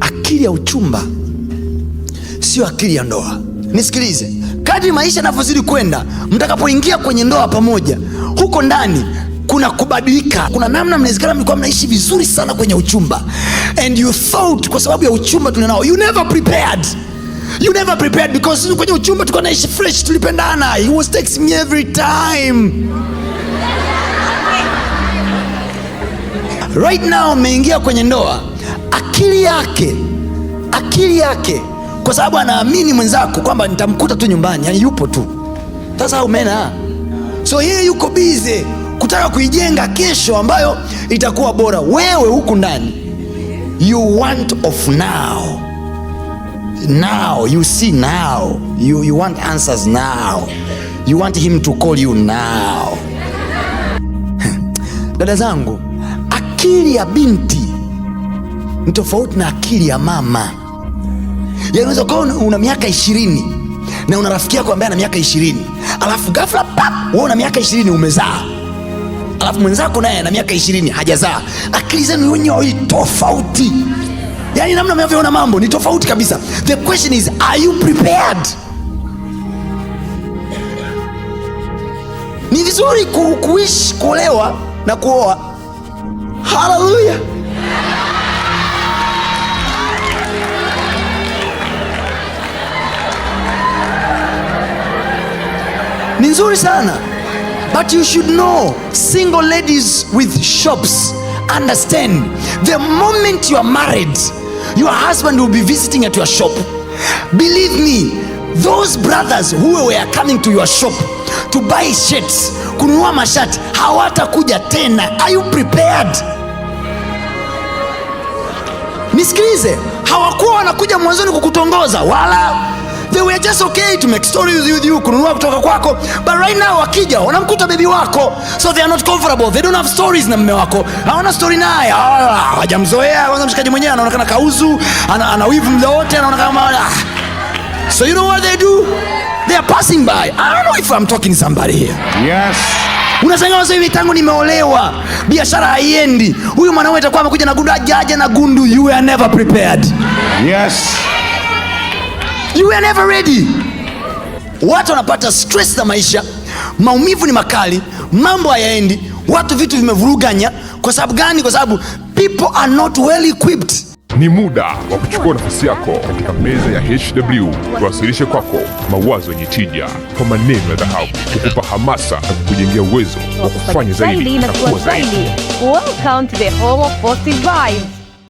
Akili ya uchumba sio akili ya ndoa. Nisikilize, kadri maisha yanavyozidi kwenda, mtakapoingia kwenye ndoa pamoja, huko ndani kuna kubadilika, kuna namna. Mnawezekana mlikuwa mnaishi vizuri sana kwenye uchumba, and you thought kwa sababu ya uchumba tulionao, you never prepared you never prepared because kwenye uchumba tulikuwa naishi fresh, tulipendana, he was texting me every time right now mmeingia kwenye ndoa akili yake, akili yake, kwa sababu anaamini mwenzako kwamba nitamkuta tu nyumbani, yani yupo tu. Sasa umena, so yeye yuko bize kutaka kuijenga kesho ambayo itakuwa bora. Wewe huku ndani you want of now now you see now you, you want answers now you want him to call you now. Dada zangu, akili ya binti ni tofauti na akili ya mama. Yanaweza ukawa una miaka ishirini na una rafiki yako ambaye ana miaka ishirini alafu ghafla pap, wewe una miaka ishirini umezaa, alafu mwenzako naye ana miaka ishirini hajazaa. Akili zenu wenyewe wawili tofauti, yaani namna mnavyoona mambo ni tofauti kabisa. The question is are you prepared? Ni vizuri ku, kuishi kuolewa na kuoa. Haleluya! ni nzuri sana but you should know single ladies with shops understand the moment you are married your husband will be visiting at your shop believe me those brothers who were coming to your shop to buy shirts kununua mashati hawatakuja tena are you prepared nisikilize hawakuwa wanakuja mwanzoni kukutongoza wala we are just okay to make stories with you, kununua kutoka kwako, but right now wakija wanamkuta bebi wako, so they are not comfortable, they don't have stories na mme wako, hawana story naye, hajamzoea. Ah, Kwanza mshikaji mwenyewe anaonekana kauzu, ana wivu mda wote, anaonekana kama ah. so you know what they do they are passing by. I don't know if I'm talking somebody here. Yes. Unashangaa sasa hivi tangu nimeolewa biashara haiendi, huyu mwanaume atakuwa amekuja na gundu, ajaje na gundu. You are never prepared. Yes you were never ready. Watu wanapata stress za maisha, maumivu ni makali, mambo hayaendi, watu vitu vimevuruganya. Kwa sababu gani? Kwa sababu people are not well equipped. Ni muda wa kuchukua nafasi yako katika meza ya HW, tuwasilishe kwako mawazo yenye tija kwa maneno ya dhahabu, kukupa hamasa na kukujengea uwezo wa kufanya zaidi na kuwa zaidi. Welcome to the home of positive vibes.